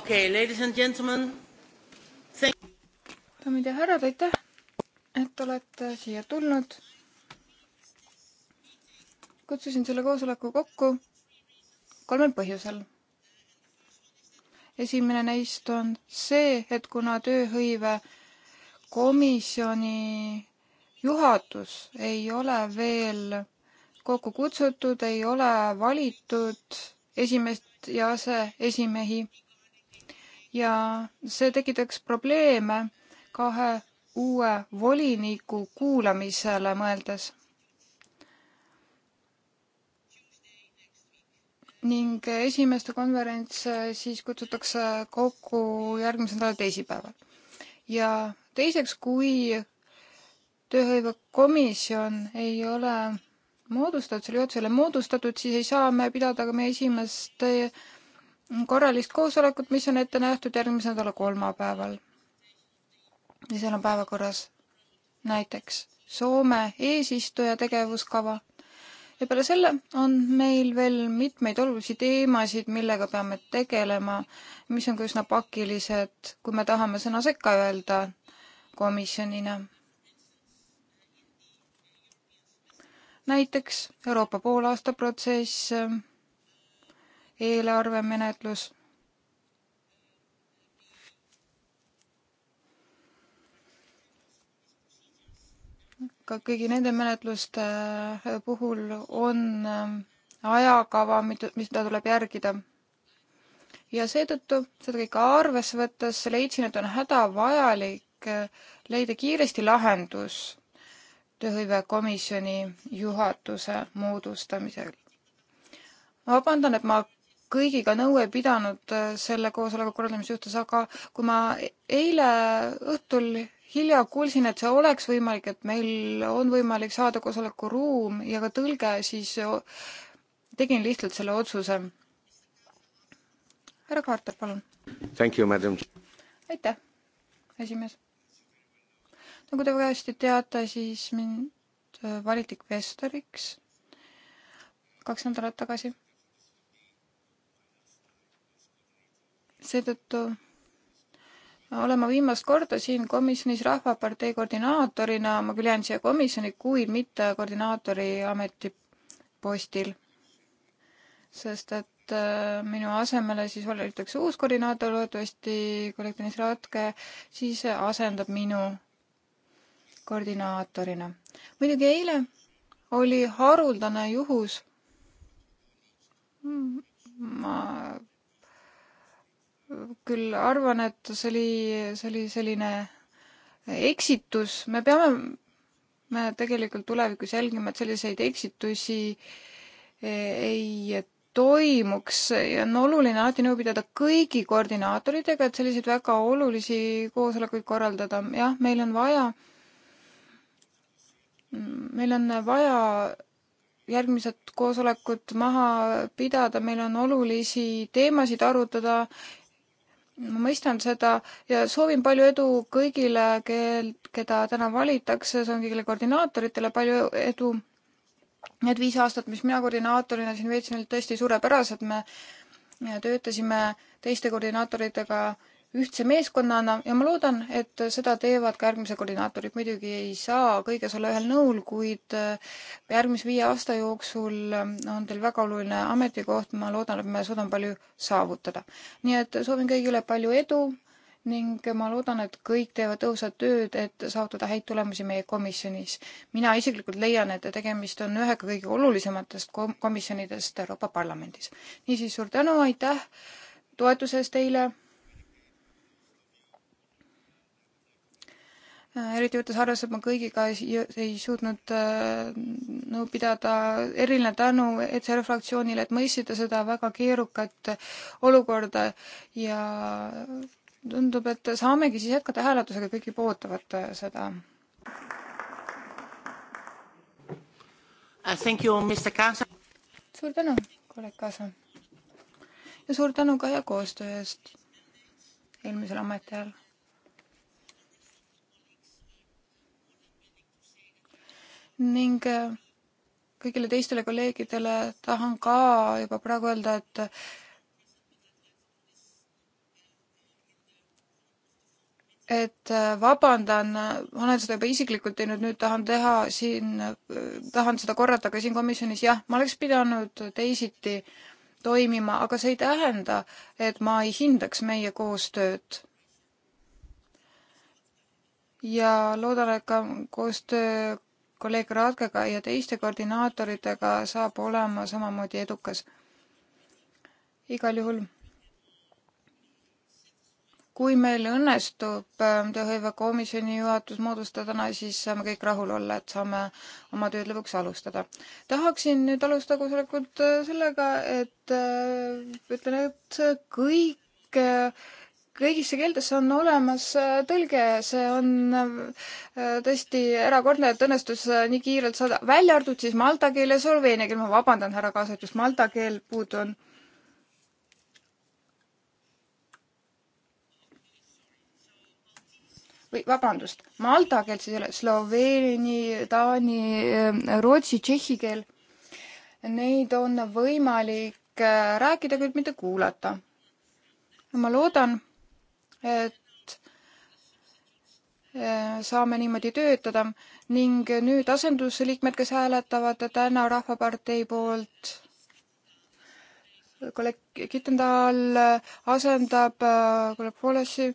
okei okay,, ladies and gentlemen. daamid ja härrad, aitäh, et olete siia tulnud. kutsusin selle koosoleku kokku kolmel põhjusel. esimene neist on see, et kuna tööhõive komisjoni juhatus ei ole veel kokku kutsutud, ei ole valitud esimest ja aseesimehi, ja see tekitaks probleeme kahe uue voliniku kuulamisele mõeldes. ning esimeste konverents äh, siis kutsutakse kokku järgmise nädala teisipäeval. ja teiseks, kui tööhõivekomisjon ei ole moodustatud, selle juhatusele moodustatud, siis ei saa me pidada ka meie esimest Mm, korralist koosolekut, mis on ette nähtud järgmise nädala kolmapäeval. ja seal on päevakorras näiteks Soome eesistuja tegevuskava ja peale selle on meil veel mitmeid olulisi teemasid, millega peame tegelema, mis on ka üsna pakilised, kui me tahame sõna sekka öelda komisjonina. näiteks Euroopa poolaasta protsess eelarvemenetlus. ka kõigi nende menetluste äh, puhul on ähm, ajakava, mida tuleb järgida. ja seetõttu seda kõike arvesse võttes leidsin, et on hädavajalik äh, leida kiiresti lahendus tööhõivekomisjoni juhatuse moodustamisel. vabandan, et ma kõigiga nõu ei pidanud äh, selle koosoleku korraldamise suhtes, aga kui ma e-, eile õhtul hilja kuulsin, et see oleks võimalik, et meil on võimalik saada koosolekuruum ja ka tõlge, siis äh, tegin lihtsalt selle otsuse. härra Carter, palun. aitäh, esimees. nagu te väga hästi teate, siis mind äh, valiti kvestoriks kaks nädalat tagasi seetõttu olen ma viimast korda siin komisjonis Rahvapartei koordinaatorina, ma küll jään siia komisjoni, kuid mitte koordinaatori ametipostil. sest et äh, minu asemele siis valitakse uus koordinaator, loodetavasti kolleeg Tõnis Ratke, siis asendab minu koordinaatorina. muidugi eile oli haruldane juhus. Mm, ma küll arvan, et see oli, see oli selline eksitus, me peame, me tegelikult tulevikus jälgima, et selliseid eksitusi e, ei toimuks ja on oluline alati nõu pidada kõigi koordinaatoritega, et selliseid väga olulisi koosolekuid korraldada. jah, meil on vaja, meil on vaja järgmised koosolekud maha pidada, meil on olulisi teemasid arutada ma mõistan seda ja soovin palju edu kõigile, kel, keda täna valitakse, see on kõigile koordinaatoritele palju edu. Need viis aastat, mis mina koordinaatorina siin veetsin, olid tõesti suurepärased, me töötasime teiste koordinaatoritega äh, ühtse meeskonnana ja ma loodan, et seda teevad ka järgmised koordinaatorid. muidugi ei saa kõiges olla ühel nõul, kuid äh, järgmise viie aasta jooksul äh, on teil väga oluline ametikoht. ma loodan, et me suudame palju saavutada. nii et soovin kõigile palju edu ning ma loodan, et kõik teevad tõhusat tööd, et saavutada häid tulemusi meie komisjonis. mina isiklikult leian, et tegemist on ühega kõige olulisematest komisjonidest Euroopa Parlamendis. niisiis, suur tänu, aitäh toetuse eest teile Äh, eriti võttes arvesse, et ma kõigiga ei, ei suutnud äh, nõu no, pidada, eriline tänu ECR fraktsioonile, et mõistsite seda väga keerukat olukorda ja tundub, et saamegi siis jätkata hääletusega, kõik juba ootavad äh, seda. Uh, suur tänu, kolleeg Kaasa. ja suur tänu ka hea koostöö eest eelmisel ametiajal ning äh, kõigile teistele kolleegidele tahan ka juba praegu öelda, et et äh, vabandan, ma olen seda juba isiklikult teinud, nüüd tahan teha siin, äh, tahan seda korrata ka siin komisjonis, jah, ma oleks pidanud teisiti toimima, aga see ei tähenda, et ma ei hindaks meie koostööd ja loodan, et ka koostöö kolleeg Radkega ja teiste koordinaatoritega saab olema samamoodi edukas. igal juhul, kui meil õnnestub ähm, tööhõivekomisjoni juhatus moodustada täna, siis saame kõik rahul olla, et saame oma tööd lõpuks alustada. tahaksin nüüd alustada koosolekut äh, sellega, et äh, ütlen, et kõik äh, kõigisse keeltesse on olemas äh, tõlge, see on äh, tõesti erakordne, et õnnestus äh, nii kiirelt saada, välja arvatud siis malta keel ja sloveenia keel, ma vabandan, härra Kaasa, et just malta keel puudu on. või vabandust, malta keelt siis ei ole, sloveeni, taani, rootsi, tšehhi keel. Neid on võimalik rääkida, kuid mitte kuulata ma loodan, et eh, saame niimoodi töötada ning nüüd asendusliikmed, kes hääletavad täna Rahvapartei poolt. kolleeg Kitendal asendab eh, kolleeg Poolesi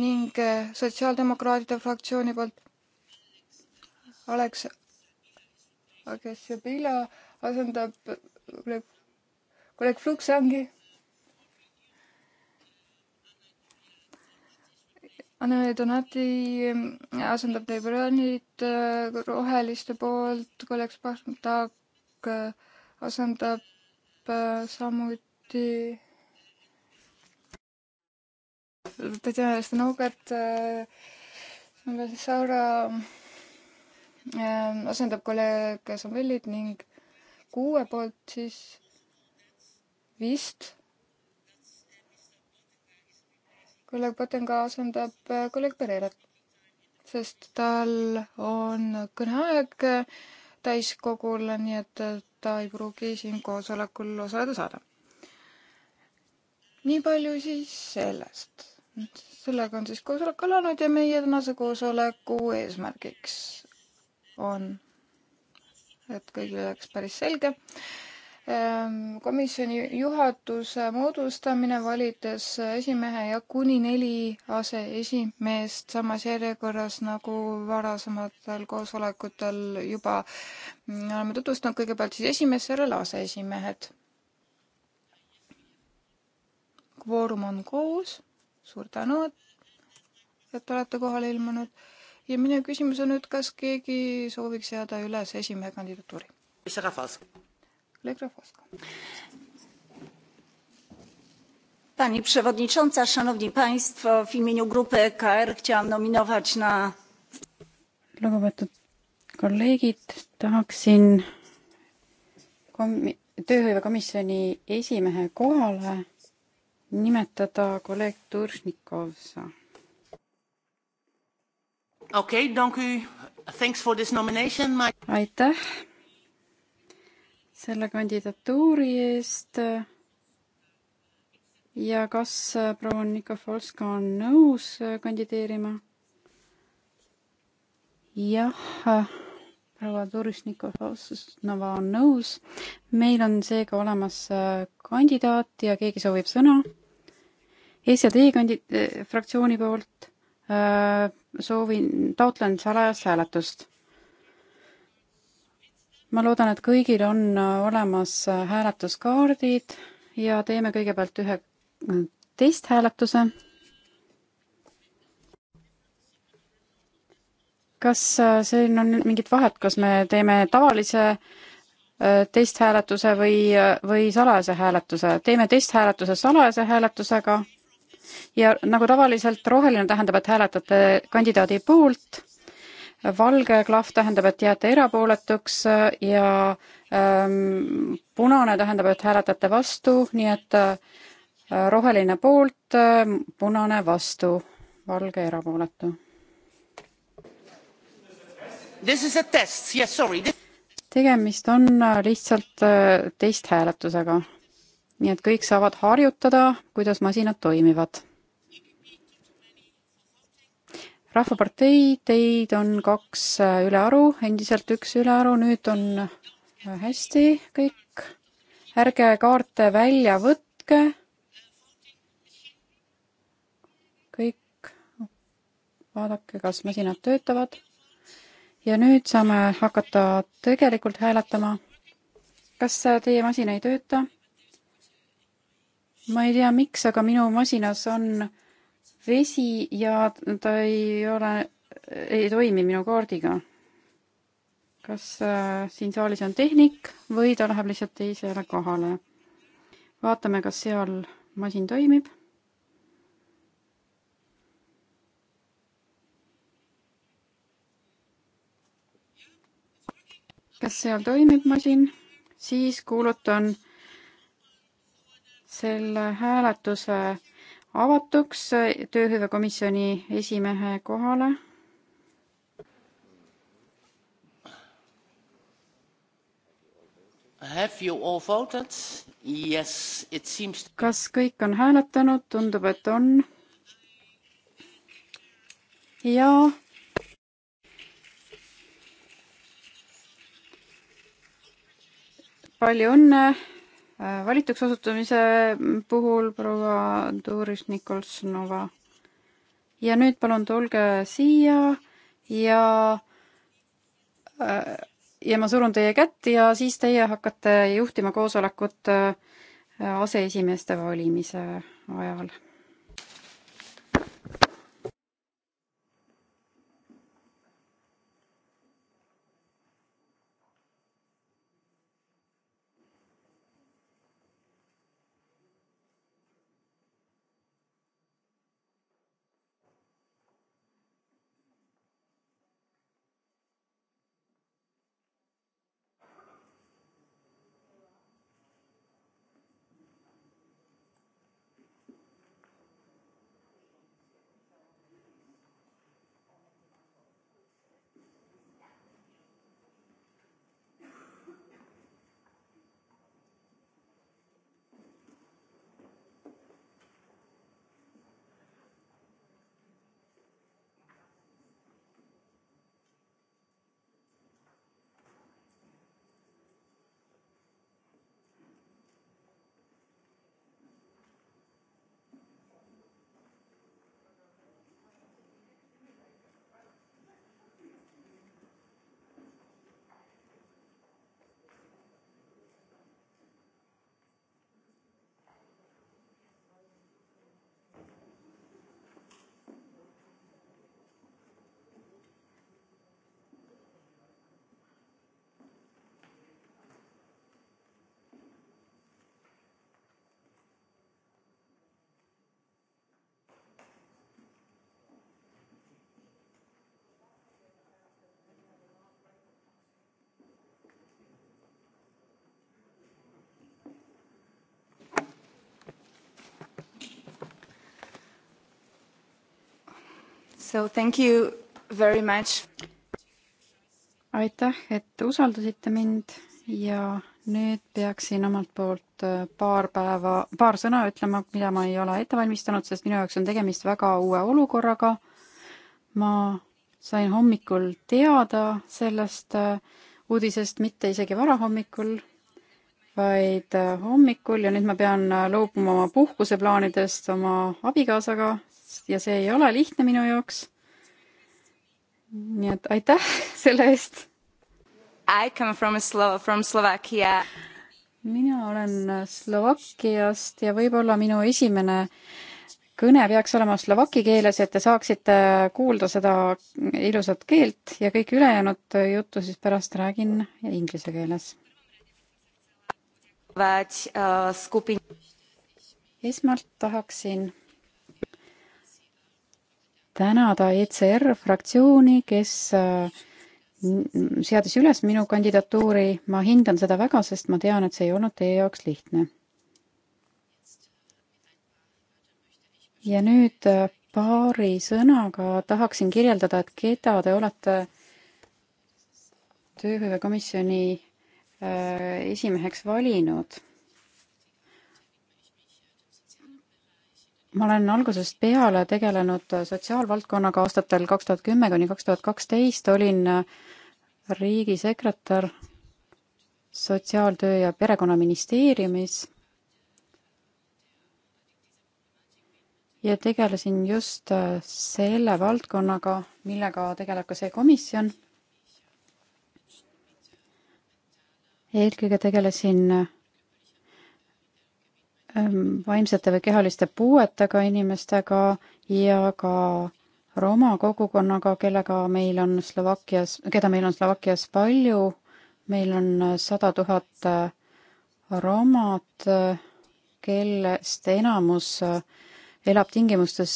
ning eh, Sotsiaaldemokraatide fraktsiooni poolt Aleks Agessabila asendab kolleeg, kolleeg Fluksangi Anne Donati mm, asendab liberaalid äh, roheliste poolt, kolleeg Spartak äh, asendab äh, samuti Tatjana Stanogat, Saura ähm, asendab kolleeg Samuelit ning kuue poolt siis vist kolleeg Potenga asendab äh, kolleeg Pereirat, sest tal on kõneaeg äh, täiskogul, nii et äh, ta ei pruugi siin koosolekul osaleda saada. nii palju siis sellest. sellega on siis koosolek alanud ja meie tänase koosoleku eesmärgiks on, et kõigile oleks päris selge Ehm, komisjoni juhatuse moodustamine, valides esimehe ja kuni neli aseesimeest samas järjekorras nagu varasematel koosolekutel juba mm, oleme tutvustanud, kõigepealt siis esimees, seejärel aseesimehed. kvoorum on koos, suur tänu, et olete kohale ilmunud ja minu küsimus on nüüd, kas keegi sooviks jääda üles esimehe kandidatuuri? mis rahvas? pani przewodnicząca! szanowni państwo! w imieniu grupy ecr chciałam nominować na. lugupeetud kolleegid tahaksin komi- tööhõivekomisjoni esimehe kohale nimetada kolleeg Turšnikovsa. okei okay,, donc thanks for this nomination my.... aitäh selle kandidatuuri eest ja kas äh, proua Nikofolska on nõus äh, kandideerima? jah, äh, proua Doris Nikofolsnova on nõus. meil on seega olemas kandidaat ja keegi soovib sõna. SED kandi-, fraktsiooni poolt soovin, taotlen salajast hääletust ma loodan, et kõigil on äh, olemas äh, hääletuskaardid ja teeme kõigepealt ühe äh, testhääletuse. kas siin on mingit vahet, kas me teeme tavalise testhääletuse või, või salajase hääletuse, teeme testhääletuse salajase hääletusega ja nagu tavaliselt roheline tähendab, et hääletate kandidaadi poolt valge klahv tähendab, et jääte erapooletuks ja ähm, punane tähendab, et hääletate vastu, nii et äh, roheline poolt äh,, punane vastu, valge erapooletu. tegemist on äh, lihtsalt äh, testhääletusega. nii et kõik saavad harjutada, kuidas masinad toimivad rahvapartei, teid on kaks äh, ülearu, endiselt üks ülearu, nüüd on äh, hästi kõik. ärge kaarte välja võtke. kõik, vaadake, kas masinad töötavad. ja nüüd saame hakata tegelikult hääletama. kas äh, teie masin ei tööta? ma ei tea, miks, aga minu masinas on vesi ja ta ei ole, ei toimi minu kaardiga. kas äh, siin saalis on tehnik või ta läheb lihtsalt teisele kohale? vaatame, kas seal masin toimib. kas seal toimib masin? siis kuulutan selle hääletuse avatuks tööhõivekomisjoni esimehe kohale. Yes, seems... kas kõik on hääletanud, tundub, et on. ja palju õnne Äh, valituks osutumise puhul proua Doris Nikolsonova. ja nüüd palun tulge siia ja äh, ja ma surun teie kätt ja siis teie hakkate juhtima koosolekut äh, aseesimeeste valimise ajal So thank you very much. aitäh, et usaldasite mind ja nüüd peaksin omalt poolt äh, paar päeva, paar sõna ütlema, mida ma ei ole ette valmistanud, sest minu jaoks on tegemist väga uue olukorraga. ma sain hommikul teada sellest äh, uudisest, mitte isegi varahommikul, vaid äh, hommikul ja nüüd ma pean loobuma oma puhkuseplaanidest oma abikaasaga, eest ja see ei ole lihtne minu jaoks. nii et aitäh selle eest. I come from Slo-, from Slovakkia. mina olen Slovakkiast ja võib-olla minu esimene kõne peaks olema slovaki keeles, et te saaksite kuulda seda ilusat keelt ja kõik ülejäänud juttu siis pärast räägin inglise keeles. Uh, esmalt tahaksin tänada ECR fraktsiooni, kes äh, seadis üles minu kandidatuuri, ma hindan seda väga, sest ma tean, et see ei olnud teie jaoks lihtne. ja nüüd äh, paari sõnaga tahaksin kirjeldada, et keda te olete tööhõivekomisjoni äh, esimeheks valinud ma olen algusest peale tegelenud sotsiaalvaldkonnaga aastatel kaks tuhat kümme kuni kaks tuhat kaksteist, olin riigisekretär Sotsiaaltöö ja Perekonnaministeeriumis ja tegelesin just selle valdkonnaga, millega tegeleb ka see komisjon. eelkõige tegelesin Ähm, vaimsete või kehaliste puuetega inimestega ja ka Roma kogukonnaga, kellega meil on Slovakkias, keda meil on Slovakkias palju, meil on äh, sada tuhat äh, romat, äh, kellest enamus elab tingimustes,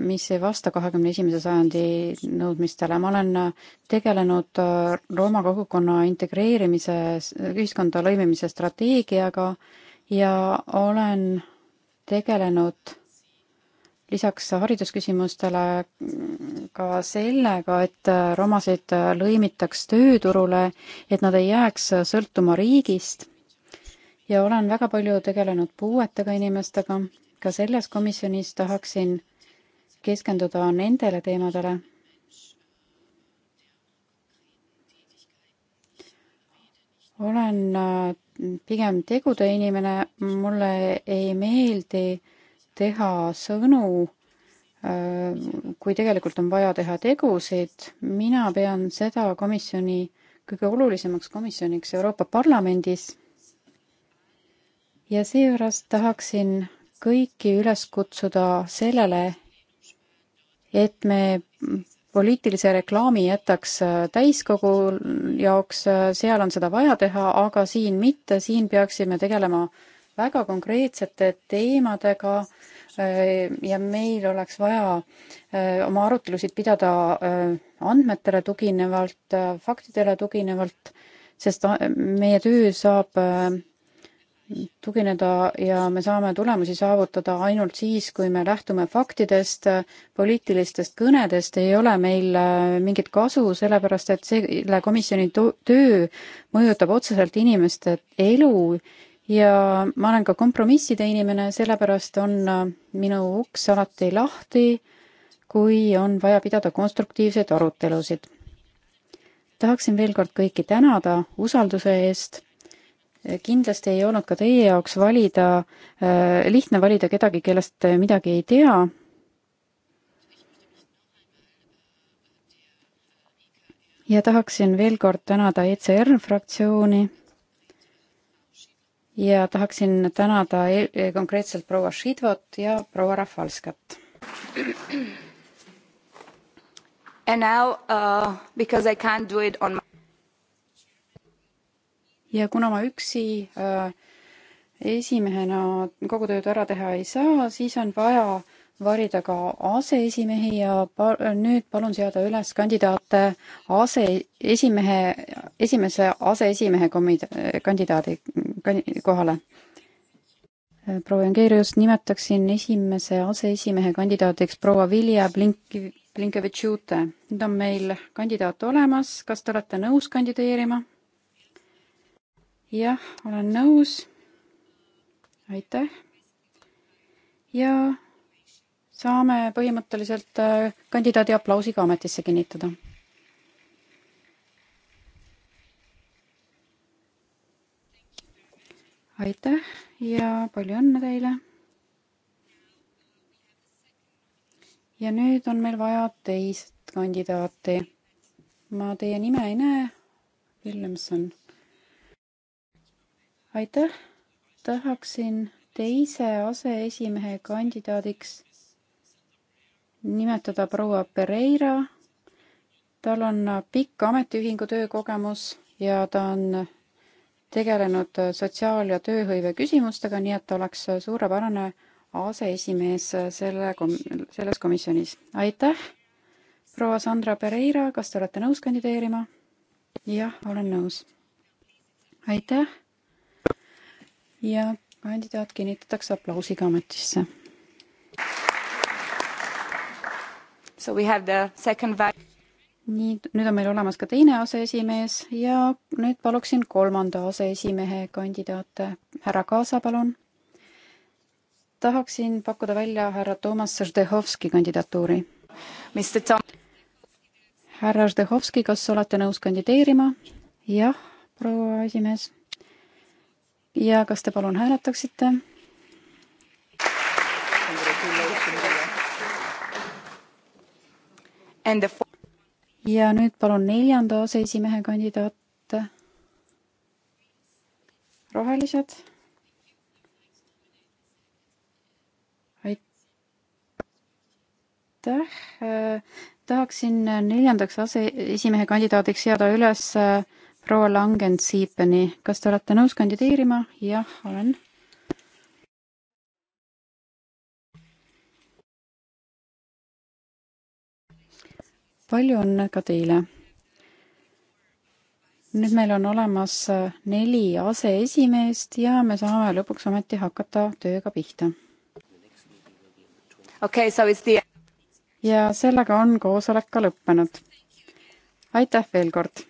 mis ei vasta kahekümne esimese sajandi nõudmistele. ma olen tegelenud Rooma kogukonna integreerimise, ühiskonda lõimimise strateegiaga äh, ja olen tegelenud lisaks haridusküsimustele ka sellega, et romasid lõimitaks tööturule, et nad ei jääks sõltuma riigist. ja olen väga palju tegelenud puuetega inimestega. ka selles komisjonis tahaksin keskenduda nendele teemadele olen äh, pigem tegude inimene, mulle ei meeldi teha sõnu, äh, kui tegelikult on vaja teha tegusid. mina pean seda komisjoni kõige olulisemaks komisjoniks Euroopa Parlamendis. ja seepärast tahaksin kõiki üles kutsuda sellele, et me poliitilise reklaami jätaks äh, täiskogu jaoks, äh, seal on seda vaja teha, aga siin mitte, siin peaksime tegelema väga konkreetsete teemadega äh, ja meil oleks vaja oma arutelusid pidada andmetele tuginevalt, faktidele tuginevalt, sest meie töö saab tugineda ja me saame tulemusi saavutada ainult siis, kui me lähtume faktidest, poliitilistest kõnedest ei ole meil äh, mingit kasu, sellepärast et selle komisjoni töö mõjutab otseselt inimeste elu ja ma olen ka kompromisside inimene, sellepärast on äh, minu uks alati lahti, kui on vaja pidada konstruktiivseid arutelusid. tahaksin veel kord kõiki tänada usalduse eest kindlasti ei olnud ka teie jaoks valida, äh, lihtne valida kedagi, kellest midagi ei tea. ja tahaksin veel kord tänada ECR fraktsiooni ja tahaksin tänada e, e, konkreetselt proua Šidvot ja proua Rafalskat. And now uh, because I can't do it on my ja kuna ma üksi äh, esimehena kogu tööd ära teha ei saa, siis on vaja valida ka aseesimehi ja pa nüüd palun seada üles kandidaate aseesimehe, esimese aseesimehe komid-, kandidaadi kan, kohale. proua Jangeerius, nimetaksin esimese aseesimehe kandidaadiks proua Vilja Blink-, Blinkevitšute. nüüd on meil kandidaat olemas, kas te olete nõus kandideerima? jah, olen nõus. aitäh. ja saame põhimõtteliselt äh, kandidaadi aplausiga ametisse kinnitada. aitäh ja palju õnne teile. ja nüüd on meil vaja teist kandidaati. ma teie nime ei näe. Williamson aitäh, tahaksin teise aseesimehe kandidaadiks nimetada proua Pereira. tal on pikk ametiühingu töökogemus ja ta on tegelenud sotsiaal- ja tööhõive küsimustega, nii et ta oleks suurepärane aseesimees selle kom-, selles komisjonis. aitäh, proua Sandra Pereira, kas te olete nõus kandideerima? jah, olen nõus. aitäh ja kandidaat kinnitatakse aplausiga ametisse. So we have the second vice nii, nüüd on meil olemas ka teine aseesimees ja nüüd paluksin kolmanda aseesimehe kandidaate. härra Kaasa, palun. tahaksin pakkuda välja härra Toomas Ždehovski kandidatuuri. härra Ždehovski, kas olete nõus kandideerima? jah, proua esimees ja kas te palun hääletaksite? ja nüüd palun neljanda aseesimehe kandidaat. rohelised. aitäh. tahaksin neljandaks aseesimehe kandidaadiks seada üles äh, proua Langen-Siipeni, kas te olete nõus kandideerima? jah, olen. palju õnne ka teile. nüüd meil on olemas neli aseesimeest ja me saame lõpuks ometi hakata tööga pihta. okei okay,, so it's the ja sellega on koosolek ka lõppenud. aitäh veel kord